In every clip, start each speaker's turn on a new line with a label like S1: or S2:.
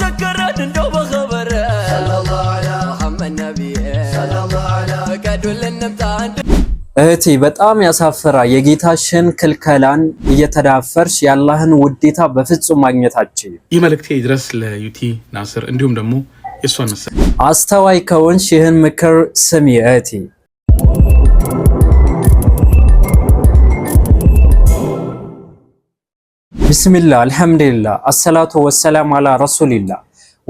S1: ሰከረን እንደው በኸበረ እህቴ በጣም ያሳፍራ የጌታሽን ክልከላን እየተዳፈርሽ ያላህን ውዴታ በፍጹም ማግኘታችን።
S2: ይህ መልእክቴ ድረስ ለዩቲ ናስር እንዲሁም ደግሞ የእሷን መሰል
S1: አስተዋይ ከሆንሽ ይህን ምክር ስሚ እህቴ ብስሚላ አልሐምዱሊላ አሰላቱ ወሰላም አላ ረሱሊላ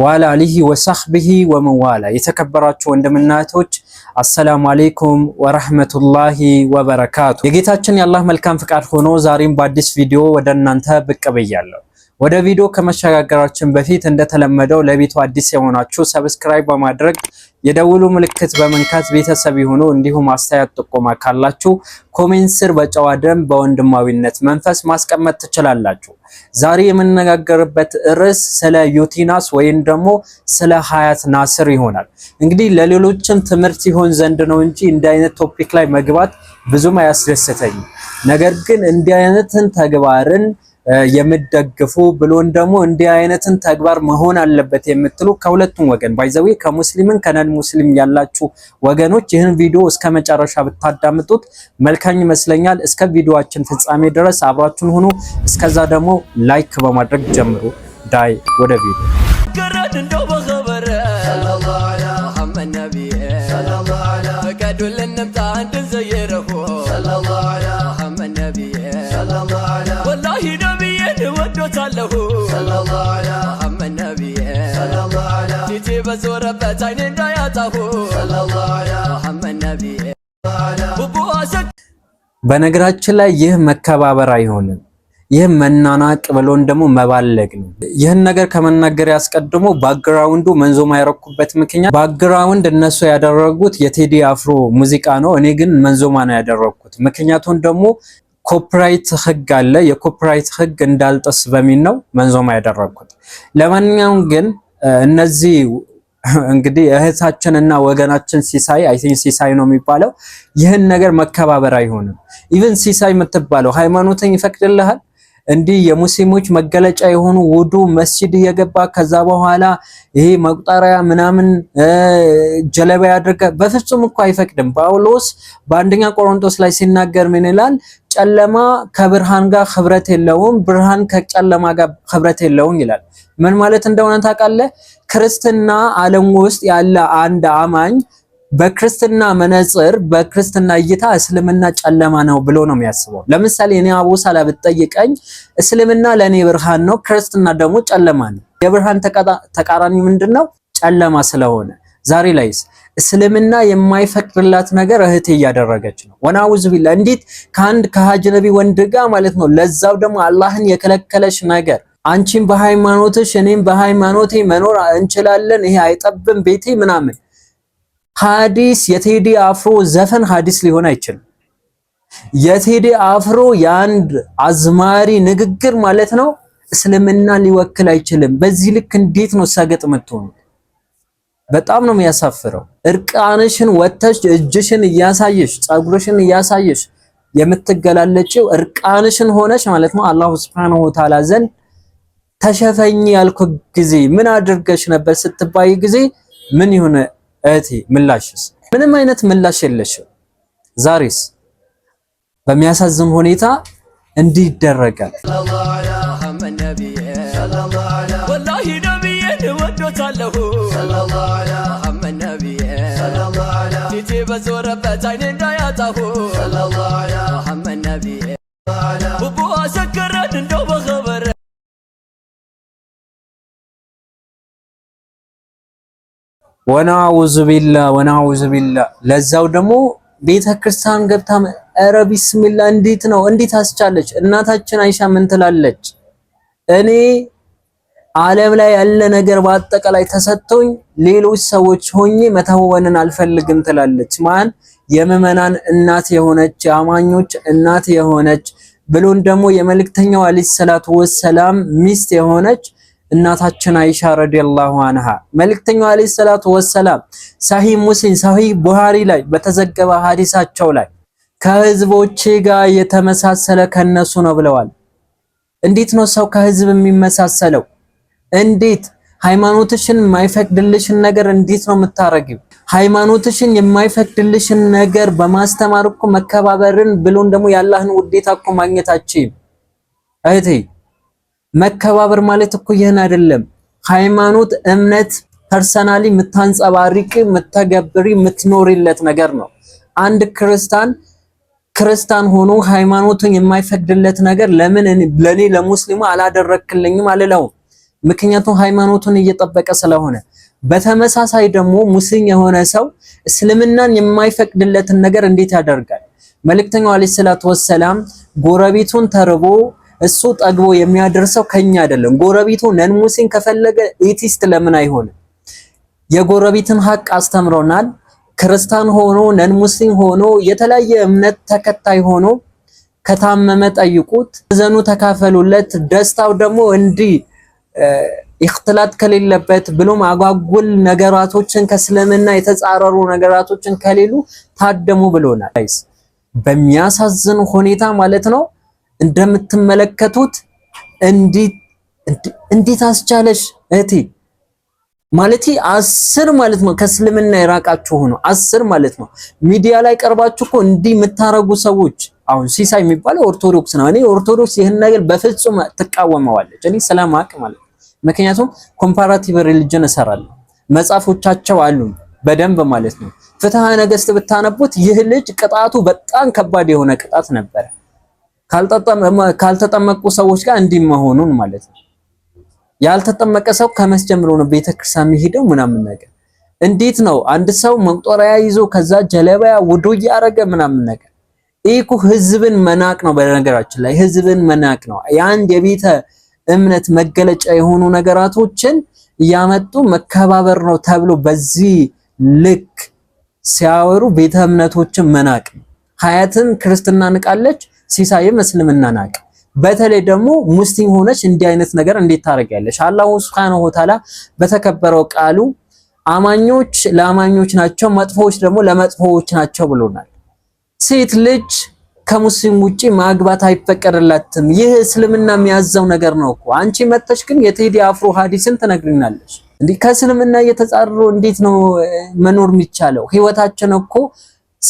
S1: ዋላ አሊሂ ወሳህቢሂ ወመዋላ። የተከበራችሁ ወንድምናቶች አሰላሙ አሌይኩም ወረህመቱላሂ ወበረካቱ። የጌታችን የአላህ መልካም ፍቃድ ሆኖ ዛሬም በአዲስ ቪዲዮ ወደ እናንተ ብቅ ብያለሁ። ወደ ቪዲዮ ከመሸጋገራችን በፊት እንደተለመደው ለቤቱ አዲስ የሆናችሁ ሰብስክራይብ በማድረግ የደውሉ ምልክት በመንካት ቤተሰብ ይሁኑ። እንዲሁም አስተያየት ጥቆማ ካላችሁ ኮሜንት ስር በጨዋ ደም በወንድማዊነት መንፈስ ማስቀመጥ ትችላላችሁ። ዛሬ የምነጋገርበት ርዕስ ስለ ዩቲናስ ወይም ደግሞ ስለ ሀያት ናስር ይሆናል። እንግዲህ ለሌሎችም ትምህርት ይሆን ዘንድ ነው እንጂ እንዲህ አይነት ቶፒክ ላይ መግባት ብዙም አያስደስተኝም። ነገር ግን እንዲህ አይነትን ተግባርን የምደግፉ ብሎን ደግሞ እንዲህ አይነትን ተግባር መሆን አለበት የምትሉ ከሁለቱም ወገን ባይዘዌ ከሙስሊምን ከነን ሙስሊም ያላችሁ ወገኖች ይህን ቪዲዮ እስከ መጨረሻ ብታዳምጡት መልካኝ ይመስለኛል። እስከ ቪዲዮአችን ፍጻሜ ድረስ አብራችሁን ሁኑ። እስከዛ ደግሞ ላይክ በማድረግ ጀምሩ። ዳይ ወደ ቪዲዮ ወዶታለሁ በዞረበት አይኔ እንዳያጣሁ በነገራችን ላይ ይህ መከባበር አይሆንም። ይህ መናናቅ ብሎን ደግሞ መባለግ ነው። ይህን ነገር ከመናገር ያስቀድሞ ባክግራውንዱ መንዞማ ያረኩበት ምክንያት ባክግራውንድ እነሱ ያደረጉት የቴዲ አፍሮ ሙዚቃ ነው። እኔ ግን መንዞማ ነው ያደረኩት። ምክንያቱን ደግሞ ኮፒራይት ህግ አለ። የኮፒራይት ህግ እንዳልጠስ በሚል ነው መንዞማ ያደረግኩት። ለማንኛውም ግን እነዚህ እንግዲህ እህታችን እና ወገናችን ሲሳይ አይ ቲንክ ሲሳይ ነው የሚባለው ይህን ነገር መከባበር አይሆንም። ኢቭን ሲሳይ የምትባለው ሃይማኖትን ይፈቅድልሃል እንዲህ የሙስሊሞች መገለጫ የሆኑ ውዱ መስጂድ እየገባ ከዛ በኋላ ይሄ መቁጠሪያ ምናምን ጀለባ ያድርገ በፍጹም እኮ አይፈቅድም። ጳውሎስ በአንደኛ ቆሮንቶስ ላይ ሲናገር ምን ይላል? ጨለማ ከብርሃን ጋር ህብረት የለውም፣ ብርሃን ከጨለማ ጋር ህብረት የለውም ይላል። ምን ማለት እንደሆነ ታውቃለህ? ክርስትና ዓለም ውስጥ ያለ አንድ አማኝ በክርስትና መነጽር በክርስትና እይታ እስልምና ጨለማ ነው ብሎ ነው የሚያስበው። ለምሳሌ እኔ አቡሳላ ብትጠይቀኝ እስልምና ለእኔ ብርሃን ነው፣ ክርስትና ደግሞ ጨለማ ነው። የብርሃን ተቃራኒ ምንድን ነው? ጨለማ ስለሆነ ዛሬ ላይስ እስልምና የማይፈቅድላት ነገር እህቴ እያደረገች ነው። ወናውዝ ቢላ እንዴት ከአንድ ከሀጅነቢ ወንድ ጋር ማለት ነው። ለዛው ደግሞ አላህን የከለከለች ነገር አንቺም በሃይማኖትሽ እኔም በሃይማኖቴ መኖር እንችላለን፣ ይሄ አይጠብም ቤቴ ምናምን ሐዲስ የቴዲ አፍሮ ዘፈን ሐዲስ ሊሆን አይችልም። የቴዲ አፍሮ የአንድ አዝማሪ ንግግር ማለት ነው እስልምና ሊወክል አይችልም። በዚህ ልክ እንዴት ነው ሰገጥ የምትሆኑት? በጣም ነው የሚያሳፍረው። እርቃንሽን ወተሽ እጅሽን እያሳየሽ ጸጉርሽን እያሳየሽ የምትገላለጭው እርቃንሽን ሆነሽ ማለት ነው። አላሁ ሱብሓነሁ ወተዓላ ዘንድ ተሸፈኝ ያልኩ ጊዜ ምን አድርገሽ ነበር ስትባይ ጊዜ ምን ይሁን እህቴ? ምላሽስ ምንም አይነት ምላሽ የለሽም። ዛሬስ በሚያሳዝን ሁኔታ እንዲህ ይደረጋል። እወዶታለሁ ፊቴ በዞረበት አይኔ እንዳያጣሁ መሐመድ ነቢዬ አሰከረን እንደው በኸበረ ቢላ ወናውዙ ቢላ ለዛው ደግሞ ቤተ ክርስቲያን ገብታ ኧረ ቢስሚላ እንዴት ነው እንዴት አስቻለች እናታችን አይሻ ምን ትላለች እኔ ዓለም ላይ ያለ ነገር በአጠቃላይ ተሰጥቶኝ ሌሎች ሰዎች ሆኜ መተወንን አልፈልግም ትላለች። ማን የምዕመናን እናት የሆነች የአማኞች እናት የሆነች ብሎን ደግሞ የመልእክተኛው አለይሂ ሰላቱ ወሰላም ሚስት የሆነች እናታችን አይሻ ረዲየላሁ አንሃ መልእክተኛው አለይሂ ሰላቱ ወሰላም ሰሂህ ሙስሊም፣ ሰሂህ ቡሃሪ ላይ በተዘገበ ሐዲሳቸው ላይ ከህዝቦች ጋር የተመሳሰለ ከነሱ ነው ብለዋል። እንዴት ነው ሰው ከህዝብ የሚመሳሰለው? እንዴት ሃይማኖትሽን የማይፈቅድልሽን ነገር እንዴት ነው የምታረጊው? ሃይማኖትሽን የማይፈቅድልሽን ነገር በማስተማር እኮ መከባበርን ብሎን ደግሞ የአላህን ውዴታ እኮ ማግኘታችን እህቴ፣ መከባበር ማለት እኮ ይህን አይደለም። ሃይማኖት እምነት ፐርሰናሊ የምታንጸባሪቅ የምተገብሪ የምትኖሪለት ነገር ነው። አንድ ክርስቲያን ክርስቲያን ሆኖ ሃይማኖቱን የማይፈቅድለት ነገር ለምን ለኔ ለሙስሊሙ አላደረክልኝም አልለውም ምክንያቱም ሃይማኖቱን እየጠበቀ ስለሆነ። በተመሳሳይ ደግሞ ሙስሊም የሆነ ሰው እስልምናን የማይፈቅድለትን ነገር እንዴት ያደርጋል? መልእክተኛው አለይሂ ሰላቱ ወሰላም ጎረቤቱን ተርቦ እሱ ጠግቦ የሚያደርሰው ከኛ አይደለም። ጎረቤቱ ነን ሙስሊም ከፈለገ ኤቲስት ለምን አይሆንም? የጎረቤትን ሀቅ አስተምሮናል። ክርስታን ሆኖ ነን ሙስሊም ሆኖ የተለያየ እምነት ተከታይ ሆኖ ከታመመ ጠይቁት፣ ዘኑ ተካፈሉለት፣ ደስታው ደግሞ እንዲህ ኢኽትላት ከሌለበት ብሎም አጓጉል ነገራቶችን ከእስልምና የተጻረሩ ነገራቶችን ከሌሉ ታደሙ ብሎናል። በሚያሳዝን ሁኔታ ማለት ነው። እንደምትመለከቱት እንዴት አስቻለሽ እህቴ ማለት አስር ማለት ነው ከእስልምና የራቃችሁ ነው አስር ማለት ነው። ሚዲያ ላይ ቀርባችሁ እኮ እንዲህ የምታረጉ ሰዎች አሁን ሲሳይ የሚባለው ኦርቶዶክስ ነው። እኔ ኦርቶዶክስ ይህን ነገር በፍጹም ትቃወመዋለች። እኔ ስለማቅ ማለት ነው ምክንያቱም ኮምፓራቲቭ ሪሊጅን እሰራለሁ፣ መጽሐፎቻቸው አሉ በደንብ ማለት ነው። ፍትሐ ነገስት ብታነቡት ይህ ልጅ ቅጣቱ በጣም ከባድ የሆነ ቅጣት ነበረ፣ ካልተጠመቁ ሰዎች ጋር እንዲህ መሆኑን ማለት ነው። ያልተጠመቀ ሰው ከመስጀም ነው ቤተክርስቲያን የሚሄደው ምናምን ነገር እንዴት ነው አንድ ሰው መቁጠሪያ ይዞ ከዛ ጀለባያ ውዱ እያደረገ ምናምን ነገር ይህ እኮ ህዝብን መናቅ ነው። በነገራችን ላይ ህዝብን መናቅ ነው። የአንድ የቤተ እምነት መገለጫ የሆኑ ነገራቶችን እያመጡ መከባበር ነው ተብሎ በዚህ ልክ ሲያወሩ ቤተ እምነቶችን መናቅ፣ ሀያትም ክርስትና ንቃለች፣ ሲሳይም እስልምና ናቅ። በተለይ ደግሞ ሙስሊም ሆነች እንዲህ አይነት ነገር እንዴት ታደርጊያለሽ? አላሁ ሱብሓነሁ ወተዓላ በተከበረው ቃሉ አማኞች ለአማኞች ናቸው፣ መጥፎዎች ደግሞ ለመጥፎዎች ናቸው ብሎናል። ሴት ልጅ ከሙስሊም ውጪ ማግባት አይፈቀድላትም። ይህ እስልምና የሚያዘው ነገር ነው እኮ። አንቺ መጥተሽ ግን የቴዲ አፍሮ ሀዲስን ትነግሪናለች። እንዲህ ከእስልምና እየተጻረሩ እንዴት ነው መኖር የሚቻለው? ህይወታችን እኮ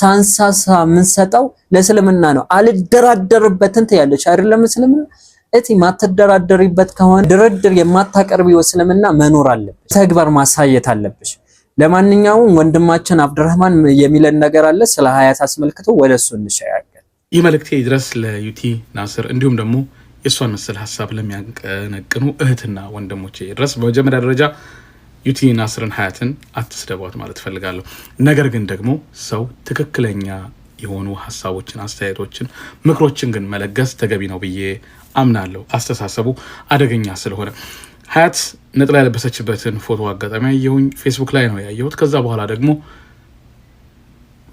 S1: ሳንሳሳ የምንሰጠው ለእስልምና ነው። አልደራደርበትን ትያለች አይደለም? እስልምና እቲ ማትደራደሪበት ከሆነ ድርድር የማታቀርቢው እስልምና መኖር አለብሽ፣ ተግባር ማሳየት አለብሽ። ለማንኛውም ወንድማችን አብድራህማን የሚለን ነገር አለ ስለ ሀያት አስመልክቶ ወደ እሱ
S2: ይህ መልእክቴ ድረስ ለዩቲ ናስር እንዲሁም ደግሞ የእሷን መሰል ሀሳብ ለሚያቀነቅኑ እህትና ወንድሞቼ ድረስ በመጀመሪያ ደረጃ ዩቲ ናስርን ሀያትን አትስደቧት ማለት እፈልጋለሁ። ነገር ግን ደግሞ ሰው ትክክለኛ የሆኑ ሀሳቦችን፣ አስተያየቶችን፣ ምክሮችን ግን መለገስ ተገቢ ነው ብዬ አምናለሁ። አስተሳሰቡ አደገኛ ስለሆነ ሀያት ነጥላ ያለበሰችበትን ፎቶ አጋጣሚ ያየሁኝ ፌስቡክ ላይ ነው ያየሁት። ከዛ በኋላ ደግሞ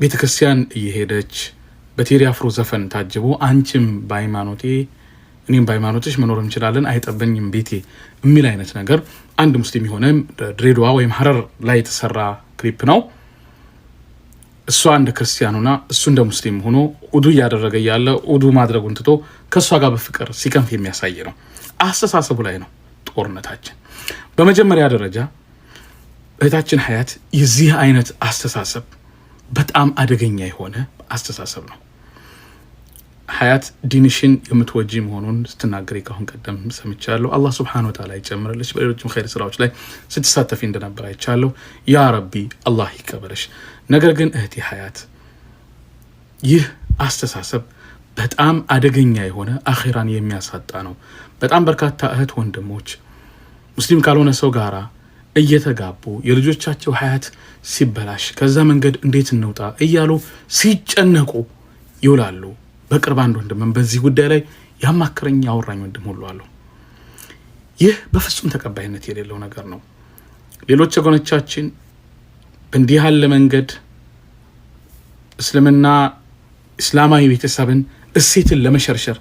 S2: ቤተክርስቲያን እየሄደች በቴዲ አፍሮ ዘፈን ታጅቦ አንቺም በሃይማኖቴ እኔም በሃይማኖትሽ መኖር እንችላለን አይጠበኝም ቤቴ የሚል አይነት ነገር አንድ ሙስሊም የሆነ ድሬዳዋ ወይም ሀረር ላይ የተሰራ ክሊፕ ነው። እሷ እንደ ክርስቲያኑና እሱ እንደ ሙስሊም ሆኖ ኡዱ እያደረገ እያለ ኡዱ ማድረጉን ትቶ ከእሷ ጋር በፍቅር ሲከንፍ የሚያሳይ ነው። አስተሳሰቡ ላይ ነው ጦርነታችን። በመጀመሪያ ደረጃ እህታችን ሀያት የዚህ አይነት አስተሳሰብ በጣም አደገኛ የሆነ አስተሳሰብ ነው። ሀያት ዲንሽን የምትወጂ መሆኑን ስትናገሪ ካሁን ቀደም ሰምቻለሁ። አላህ ስብሓነሁ ወተዓላ ይጨምርልሽ። በሌሎችም ኸይር ስራዎች ላይ ስትሳተፊ እንደነበር አይቻለሁ። ያ ረቢ አላህ ይቀበልሽ። ነገር ግን እህቴ ሀያት ይህ አስተሳሰብ በጣም አደገኛ የሆነ አኼራን የሚያሳጣ ነው። በጣም በርካታ እህት ወንድሞች ሙስሊም ካልሆነ ሰው ጋራ እየተጋቡ የልጆቻቸው ሀያት ሲበላሽ ከዛ መንገድ እንዴት እንውጣ እያሉ ሲጨነቁ ይውላሉ። በቅርብ አንድ ወንድምም በዚህ ጉዳይ ላይ ያማክረኝ ያወራኝ ወንድም ሁሉ አለው። ይህ በፍጹም ተቀባይነት የሌለው ነገር ነው። ሌሎች ወገኖቻችን በእንዲህ ያለ መንገድ እስልምና እስላማዊ ቤተሰብን እሴትን ለመሸርሸር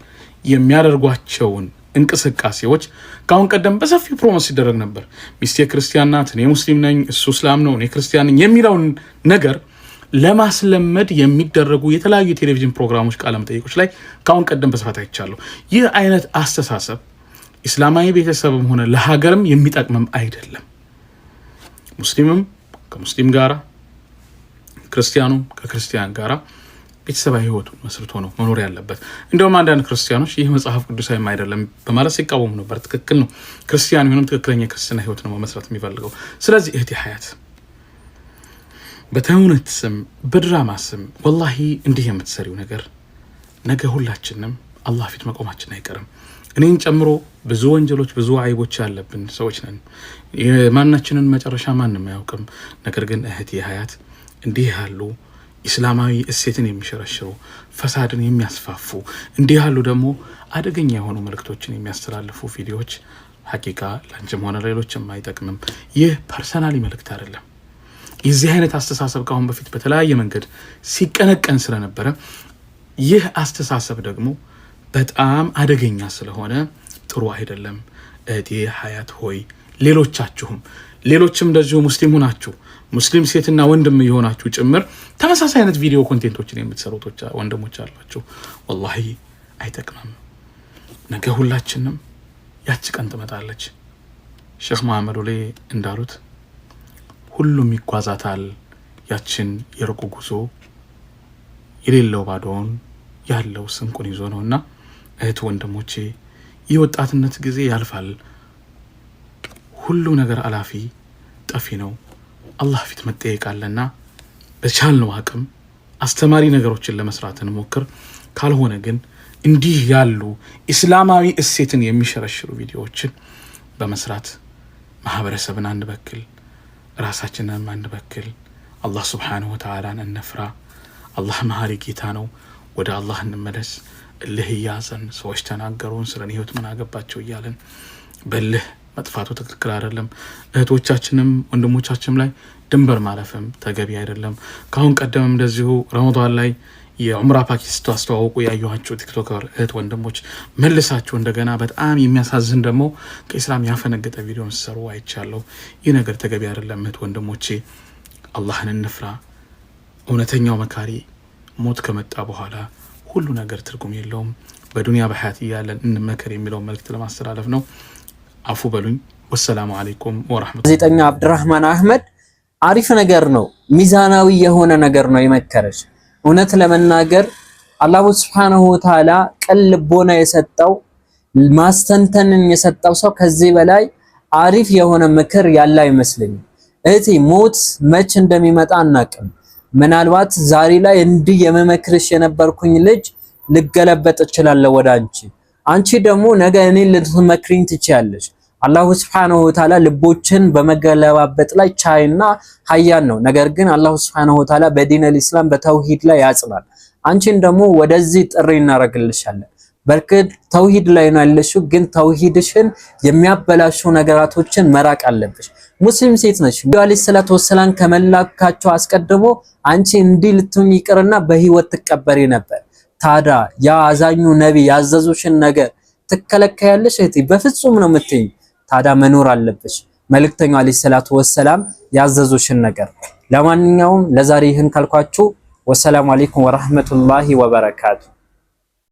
S2: የሚያደርጓቸውን እንቅስቃሴዎች ከአሁን ቀደም በሰፊው ፕሮሞስ ሲደረግ ነበር። ሚስቴ ክርስቲያን ናት፣ እኔ ሙስሊም ነኝ፣ እሱ እስላም ነው፣ እኔ ክርስቲያን ነኝ የሚለውን ነገር ለማስለመድ የሚደረጉ የተለያዩ የቴሌቪዥን ፕሮግራሞች ቃለ መጠይቆች ላይ ከአሁን ቀደም በስፋት አይቻለሁ። ይህ አይነት አስተሳሰብ ኢስላማዊ ቤተሰብም ሆነ ለሀገርም የሚጠቅምም አይደለም። ሙስሊምም ከሙስሊም ጋራ፣ ክርስቲያኑም ከክርስቲያን ጋራ ቤተሰባዊ ህይወቱ መስርቶ ነው መኖር ያለበት። እንዲሁም አንዳንድ ክርስቲያኖች ይህ መጽሐፍ ቅዱሳዊም አይደለም በማለት ሲቃወሙ ነበር። ትክክል ነው። ክርስቲያን ቢሆንም ትክክለኛ የክርስትና ህይወት ነው መመስረት የሚፈልገው። ስለዚህ እህቴ ሀያት በተውነት ስም በድራማ ስም ወላሂ እንዲህ የምትሰሪው ነገር ነገ ሁላችንም አላህ ፊት መቆማችን አይቀርም። እኔን ጨምሮ ብዙ ወንጀሎች ብዙ አይቦች ያለብን ሰዎች ነን። የማናችንን መጨረሻ ማንም አያውቅም። ነገር ግን እህት የሀያት እንዲህ ያሉ ኢስላማዊ እሴትን የሚሸረሽሩ ፈሳድን የሚያስፋፉ እንዲህ ያሉ ደግሞ አደገኛ የሆኑ መልእክቶችን የሚያስተላልፉ ቪዲዮዎች ሀቂቃ ላንችም ሆነ ሌሎችም አይጠቅምም። ይህ ፐርሰናሊ መልእክት አይደለም የዚህ አይነት አስተሳሰብ ከአሁን በፊት በተለያየ መንገድ ሲቀነቀን ስለነበረ ይህ አስተሳሰብ ደግሞ በጣም አደገኛ ስለሆነ ጥሩ አይደለም። እህቴ ሀያት ሆይ ሌሎቻችሁም ሌሎችም እንደዚሁ ሙስሊም ሆናችሁ ሙስሊም ሴትና ወንድም የሆናችሁ ጭምር ተመሳሳይ አይነት ቪዲዮ ኮንቴንቶችን የምትሰሩት ወንድሞች አሏችሁ። ወላሂ አይጠቅምም። ነገ ሁላችንም ያች ቀን ትመጣለች። ሼህ መሐመድ ወሌ እንዳሉት ሁሉም ይጓዛታል ያችን የሩቅ ጉዞ የሌለው ባዶውን ያለው ስንቁን ይዞ ነውና፣ እህት ወንድሞቼ የወጣትነት ጊዜ ያልፋል። ሁሉ ነገር አላፊ ጠፊ ነው። አላህ ፊት መጠየቅ አለና በቻልነው አቅም አስተማሪ ነገሮችን ለመስራት እንሞክር። ካልሆነ ግን እንዲህ ያሉ ኢስላማዊ እሴትን የሚሸረሽሩ ቪዲዮዎችን በመስራት ማህበረሰብን አንበክል። ራሳችንን አንበክል። አላህ ስብሓንሁ ወተዓላን እንፍራ። አላህ መሀሪ ጌታ ነው። ወደ አላህ እንመለስ። እልህ እያዘን ሰዎች ተናገሩን ስለ ህይወት ምን አገባቸው እያለን በልህ መጥፋቱ ትክክል አይደለም። እህቶቻችንም ወንድሞቻችንም ላይ ድንበር ማለፍም ተገቢ አይደለም። ከአሁን ቀደም እንደዚሁ ረመዷን ላይ የዑምራ ፓኬጅ ስታስተዋውቁ ያየኋቸው ቲክቶከር እህት ወንድሞች መልሳችሁ እንደገና በጣም የሚያሳዝን ደግሞ ከኢስላም ያፈነገጠ ቪዲዮ ሲሰሩ አይቻለሁ። ይህ ነገር ተገቢ አይደለም። እህት ወንድሞቼ አላህን እንፍራ። እውነተኛው መካሪ ሞት ከመጣ በኋላ ሁሉ ነገር ትርጉም የለውም። በዱንያ በሀያት እያለን እንመከር የሚለውን መልእክት ለማስተላለፍ ነው። አፉ በሉኝ። ወሰላሙ አሌይኩም ወራህመቱ ጋዜጠኛ አብድራህማን አህመድ አሪፍ ነገር ነው፣ ሚዛናዊ የሆነ ነገር ነው የመከረች እውነት ለመናገር አላሁ ስብሓነሁ ወተዓላ ቅን ልቦና የሰጠው ማስተንተንን የሰጠው ሰው ከዚህ በላይ አሪፍ የሆነ ምክር ያለ አይመስለኝም። እህቴ ሞት መች እንደሚመጣ አናቅም። ምናልባት ዛሬ ላይ እንዲህ የመመክርሽ የነበርኩኝ ልጅ ልገለበጥ እችላለሁ ወደ አንቺ አንቺ ደግሞ ነገ እኔን ልትመክሪኝ ትችያለሽ። አላሁ ስብሐነሁ ወተዓላ ልቦችን በመገለባበጥ ላይ ቻይና ሀያን ነው። ነገር ግን አላሁ ስብሐነሁ ወተዓላ በዲነል ኢስላም በተውሂድ ላይ ያጽናል። አንቺን ደግሞ ወደዚህ ጥሪ እናደርግልሻለን። በርግጥ ተውሂድ ላይ ነው ያለሽው፣ ግን ተውሂድሽን የሚያበላሹ ነገራቶችን መራቅ አለብሽ። ሙስሊም ሴት ነሽ። ዐለይሂ ሰላቱ ወሰላም ከመላካቸው አስቀድሞ አንቺ እንዲህ ልትሆኚ ይቅርና በህይወት ትቀበሪ ነበር። ታዲያ ያ አዛኙ ነቢ ያዘዙሽን ነገር ትከለከያለሽ? እህቴ በፍጹም ነው የምትይኝ ታዲያ መኖር አለበች መልእክተኛው አለይሂ ሰላቱ ወሰላም ያዘዙሽን ነገር። ለማንኛውም ለዛሬ ይህን ካልኳችሁ፣ ወሰላሙ አለይኩም ወራህመቱላሂ ወበረካቱ።